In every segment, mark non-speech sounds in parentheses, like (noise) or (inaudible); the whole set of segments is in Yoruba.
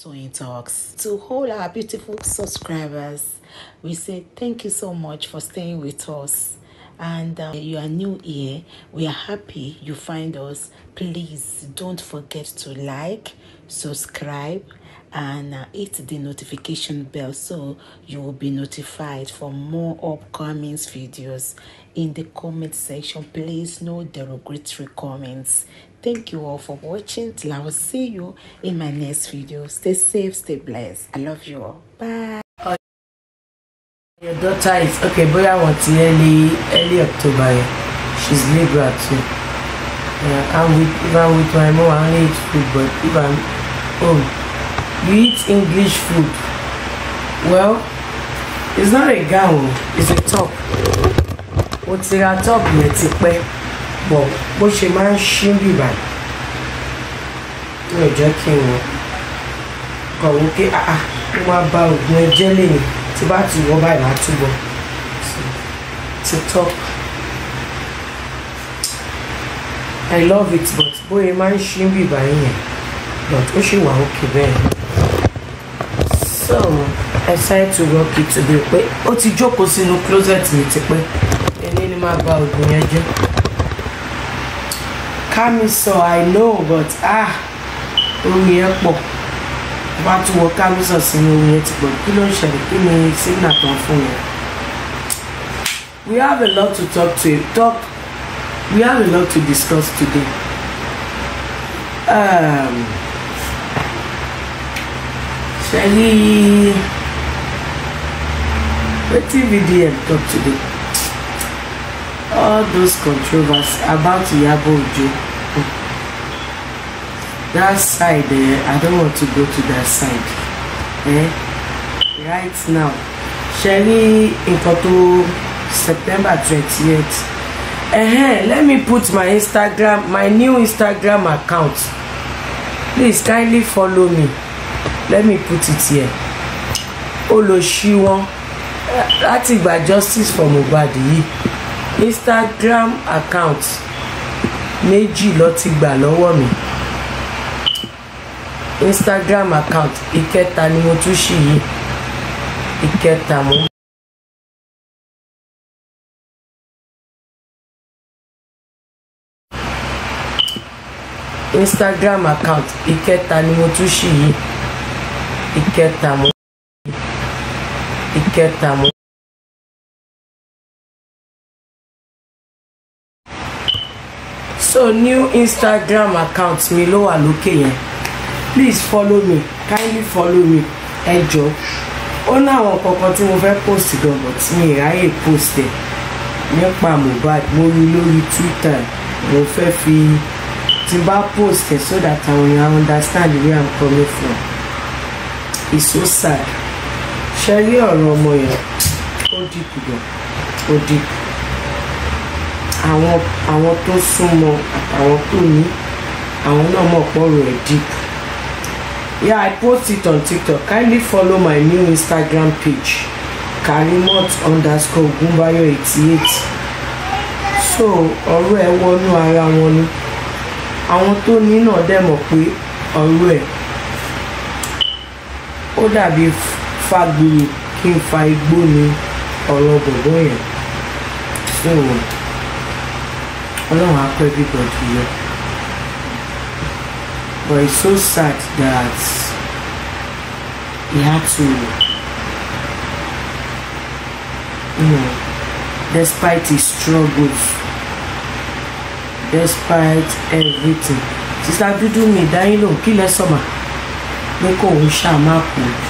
Toyeen Talks. To all our beautiful subscribers, we say thank you so much for staying with us. And uh, you are new here, we are happy you find us. Please don't forget to like, subscribe, and uh, hit the notification bell so you will be notified for more upcoming videos in the comment section please no derogatory comments thank you all for watching till i will see you in my next video stay safe stay blessed i love you all bye your daughter is okay but I want early early october she's libra too yeah i'm with even with my mom i only eat food but even i'm home you eat English food. Well, it's not a gown, it's a top. Ó ti ra top yẹn ti pẹ́, bọ̀ bó ṣe máa ń ṣí bìbà. Mi ò jẹ́ kí n wọ̀. Kọ̀ wọ́n pé àá ah, ah, ó máa ba ògùn ẹjẹ́ lẹ́yìn tí bá ti wọ́ báyìí máa túbọ̀. Ti top. I love it but bóyá máa ń ṣí bìbà yẹn but ó ṣì wà òkè bẹ́ẹ̀ aside to rock it today pé ó ti jókòó sínú closet mi tipẹ́ ẹni ni máa ba ògùn yẹn jẹ́ kami so i know but ah orin yẹn pọ̀ bá tún wọ kami sọ sínú orin yẹn ti pọ̀ kí ló ń ṣẹlẹ̀ kí ni signal tán fún yẹn we have a lot to talk to talk we have a lot to discuss today. Um, Shelly wetin vdm talk today all those controversies about iyabo ojo that side eh, i don't want to go to that side eh? right now ṣe rí September tó september twentieth eh, let me put my instagram my new instagram account please kindly follow me let me put it here olùsíwọ́n láti ìgbà justice for Mohbad yìí Instagram account méjì ló ti gbà lọ́wọ́ mi Instagram account ìkẹta ni mo tún ṣì yìí ìkẹta mo Instagram account ìkẹta ni mo tún ṣì yìí ìkẹta mo ìkẹta mọ́. so new instagram account mi ló wà lókè yẹn please follow me kindly follow me ẹ jọ ó ní àwọn kankan tí mo fẹ́ post gan-an tí mi ráyè post ẹ̀ nípa mohbad mo rí lórí twitter mo fẹ́ fi tí n bá post ẹ̀ so that I understand where i'm coming from it's so sad ṣe rí ọmọ yẹn ó dìkù gan ó dìkù àwọn àwọn tó súnmọ́ àtàwọn tó ní àwọn náà mọ̀ pọ̀rọ̀ ẹ̀ dìkù yeah I post it on TikTok kindly follow my new Instagram page karimot underscore gumbayo eighty eight so ọ̀rọ̀ ẹ̀ wọnú ara wọn ni àwọn tó ní náà dẹ̀ mọ̀ pé ọ̀rọ̀ ẹ̀ ó dàbí fún fagiri kí n fa igbó ni ọ̀rọ̀ gbogbo yẹn so ọlọ́run á kọ́ everybody yọ but it's so sad that he had to you know despite his struggles despite everything sista dúdú mi ìdáyín lòun kí lẹ sọmà pé kóun ṣáà má kú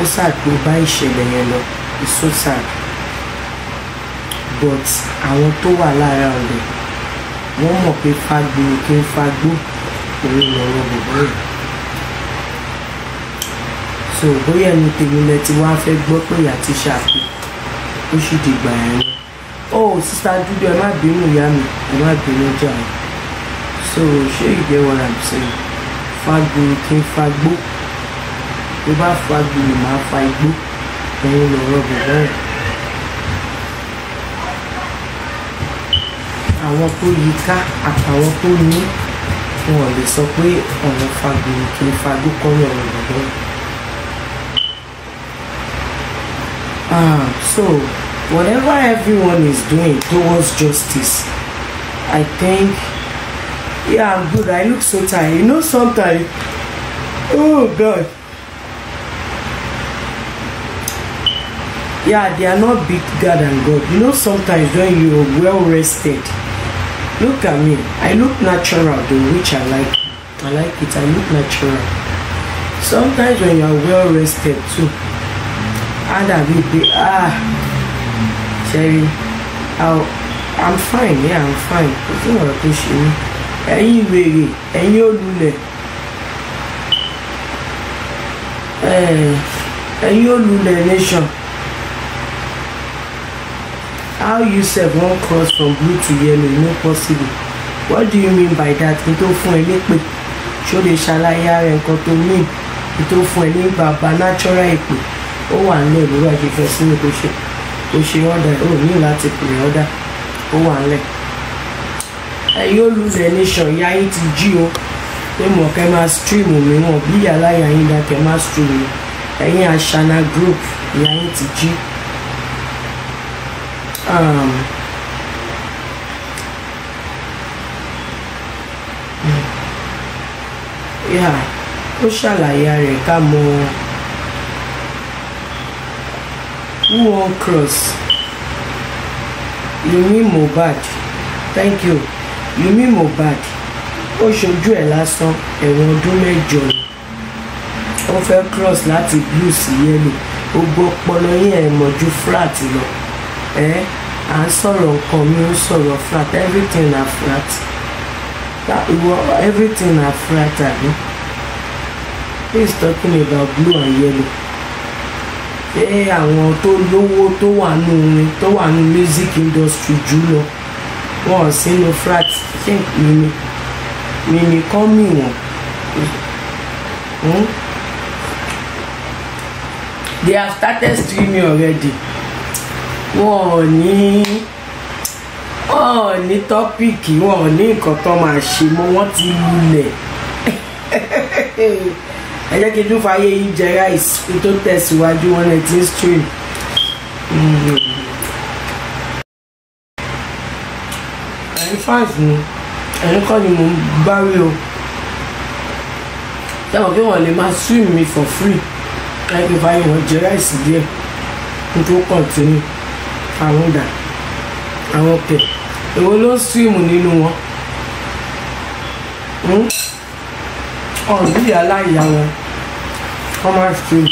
ó ṣàgbó bá ìṣẹ̀lẹ̀ yẹn lọ it's so sad but àwọn tó wà lára rẹ̀ wọ́n mọ̀ pé fagbó kí n fagbó òun lọ́rọ̀ bọ̀bọ̀ rẹ̀ so bóyá ẹnu tèmi lẹ ti wá fẹ́ gbọ́ pé ìyá ti ṣàpè ó sì dìgbà ẹ̀ lọ ó sísá dúdú ẹ má bínú ìyá mi ẹ má bínú jà ẹ so ṣé ìgbẹ́ wọn àbùsẹ̀ fagbó kí n fagbó tó bá fa gbòòrò máa fa igbó ẹ̀yin lọ̀rọ̀ bàbá ẹ̀. àwọn tó yí ká àtàwọn tó ní wọn ò lè sọ pé ọ̀rọ̀ fa gbòòrò kì í fa igbó kọ́ lọ̀rọ̀ bàbá ah, so whatever everyone is doing towards justice, I think, yeah, I'm good. I look so tired. You know, sometimes, oh God. yeah they are not God and God you know sometimes when you are well rested look at me I look natural though which I like I like it I look natural sometimes when you are well rested too and I be be ah Sherry I'll, I'm fine yeah I'm fine kò sí ọ̀rọ̀ tó ṣe mí ẹ̀yin wèrè ẹ̀yin olùlẹ̀ eh, ẹ̀yin olùlẹ̀ nation how you sef wan cross from blue to yellow e no possible what do you mean by that kí n tó fún ẹ nípè ṣó lè ṣàlàyé ara nǹkan tó mean kí n tó fún ẹ ní bàbá natural ìpè ó wà nílẹ̀ lórí àjẹfẹ́ sínú kò ṣe kò ṣe ọ̀dà ò ní láti pè ọ̀dà ó wà nílẹ̀ ẹ̀yin olùsẹ̀ nation ìyá yín ti jí o pé mọ̀ kẹ́ máa stream mi wọn bí ìyá láyà yín dá kẹ́ máa stream mi ẹ̀yin àṣàna group ìyá yín ti jí. Um, yeah, ó ṣàlàyé rẹ̀ ká mọ who all cross Yumi Mohbad thank you Yumi Mohbad ó ṣojú ẹ̀ lásán ẹ̀wọ̀n ọdún mẹ́jọ ni ó fẹ́ cross láti blue sí yellow ó gbọ́ pọnọ yẹn mọ̀jú flat lọ. Eh, and ń sọ̀rọ̀ nǹkan mi ń sọ̀rọ̀ flat everything na flat everything na flat àbí he is talking about blue and yellow ṣé àwọn tó lówó tó wà nù orin tó wà nù music industry jù lọ wọn ò sínú flat ṣé mímí mímí kọ́ mì hmm? They have started streaming already wọn ò ní wọn ò ní tọ́pìkì wọn ò ní nǹkan tó máa ṣe mọ́ wọ́n ti lulẹ̀ (laughs) ẹ jẹ́ kí n tún yìí jẹ ráìsì tó tẹ̀síwájú one nineteen stream. Hmm. ẹ̀yin fans ni ẹ̀yin kọ́ ni mo ń gbárí o sẹ́wọ̀n kí wọ́n lè máa swim mi for free ẹ̀ kí n fààyè wọ́n jẹ ráìsì díẹ̀ kí tó kọ̀ọ̀tún ni àwọn dà àwọn kẹ̀ èwo ló ń swim nínú wọn ọ̀rùn yìí aláìyá wọn wọ́n máa ń swim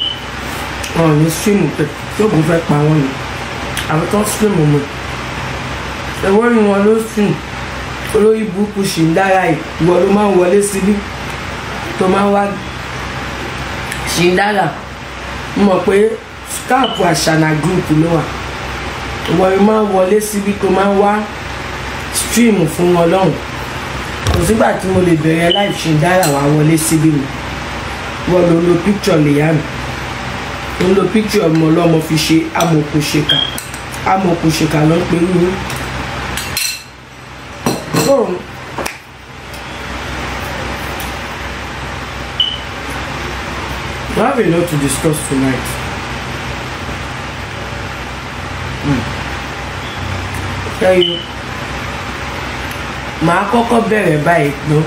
ọ̀rùn ní swim pẹ̀ tó kún fẹ́ pa wọn ni àwọn tó ń swim mọ̀ èwo ni wọn ló swim olórí burúkú ṣì ń dára ìwọ ló máa ń wọlé síbí tó máa ń wá ṣì ń dára mọ̀ pé scarf àṣànà group ló wà ìwọ ni máa wọlé síbi tó máa ń wá stream fún wọn lọ́hùn kò sígbà tí mo lè bẹ̀rẹ̀ live dára wá wọlé síbi mi wọ́n ló lo picture lèyá mi lo picture ọmọ ọlọ́mọ fi ṣe amòkùnṣèkà amòkùnṣèkà ló ń pe rúurú. I have a to discuss tonight ẹyọ màá kọ́kọ́ bẹ̀rẹ̀ báyìí lọ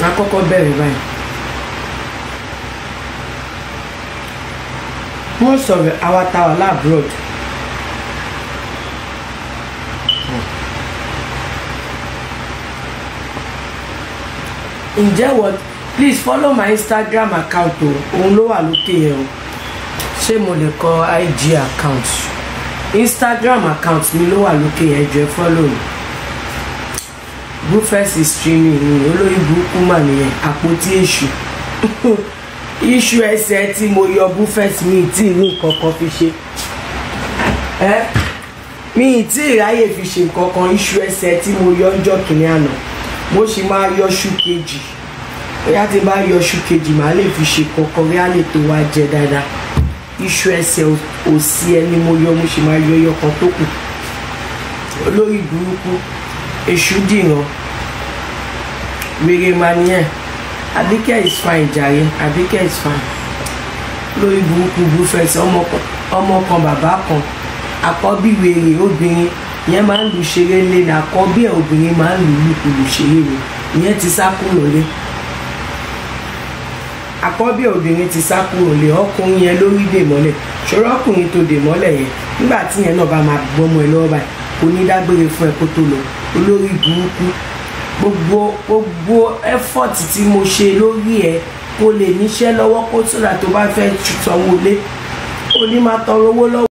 màá kọ́kọ́ bẹ̀rẹ̀ báyìí. most of our tower abroad ǹjẹ́ wọ́n please follow my Instagram account o òun ló wà lókè yẹn o ṣé mo lè kọ ig account instagram account mi ló wà lókè yẹn jẹ́ fọ́lọ̀ mi bufes streaming ni olóyìn burúkú mà nìyẹn àpótí èṣù (laughs) iṣu ẹsẹ̀ tí mo yọ bufes mi tí ìlú nǹkan kan fi ṣe ẹ mi tí ìráyè fi ṣe nǹkan iṣu ẹsẹ̀ tí mo yọ ń jọ kìnìún àná mo sì máa yọ ṣú kejì bóyá tí bá yọ ṣú kejì màá lè fi ṣe kọ̀ọ̀kan rí àlè tó wá jẹ dáadáa iṣu ẹsẹ̀ òsì ẹni mo yọ mo sì máa yọ ẹyọ kan tó kù olórí burúkú èṣù dìran wèrè máa ní ẹ Àbíkẹ́ is fine jàre Àbíkẹ́ is fine lórí burúkú burúfẹsẹ ọmọ kan bàbá kan àkọ́bí wèrè obìnrin yẹn máa ń lu ṣeré lé ní àkọ́bí ẹ̀ obìnrin máa ń lu lùkulù ṣeré rẹ̀ ìyẹn ti sá kúrò lé àkọ́bí obìnrin ti sá kúrò lé ọkùnrin yẹn ló rí dè mọ́lẹ̀ ṣòro ọkùnrin tó dè mọ́lẹ̀ yẹn nígbà tí yẹn náà bá máa gbọ́mọ ẹ lọ́wọ́ báyìí kò ní dágbére fún ẹ kó tó lọ olórí burúkú gbogbo gbogbo effort tí mo ṣe lórí ẹ kó lè níṣẹ́ lọ́wọ́ kó sódà tó bá fẹ́ sanwó lé onímọ̀ tọrọ owó lọ́wọ́.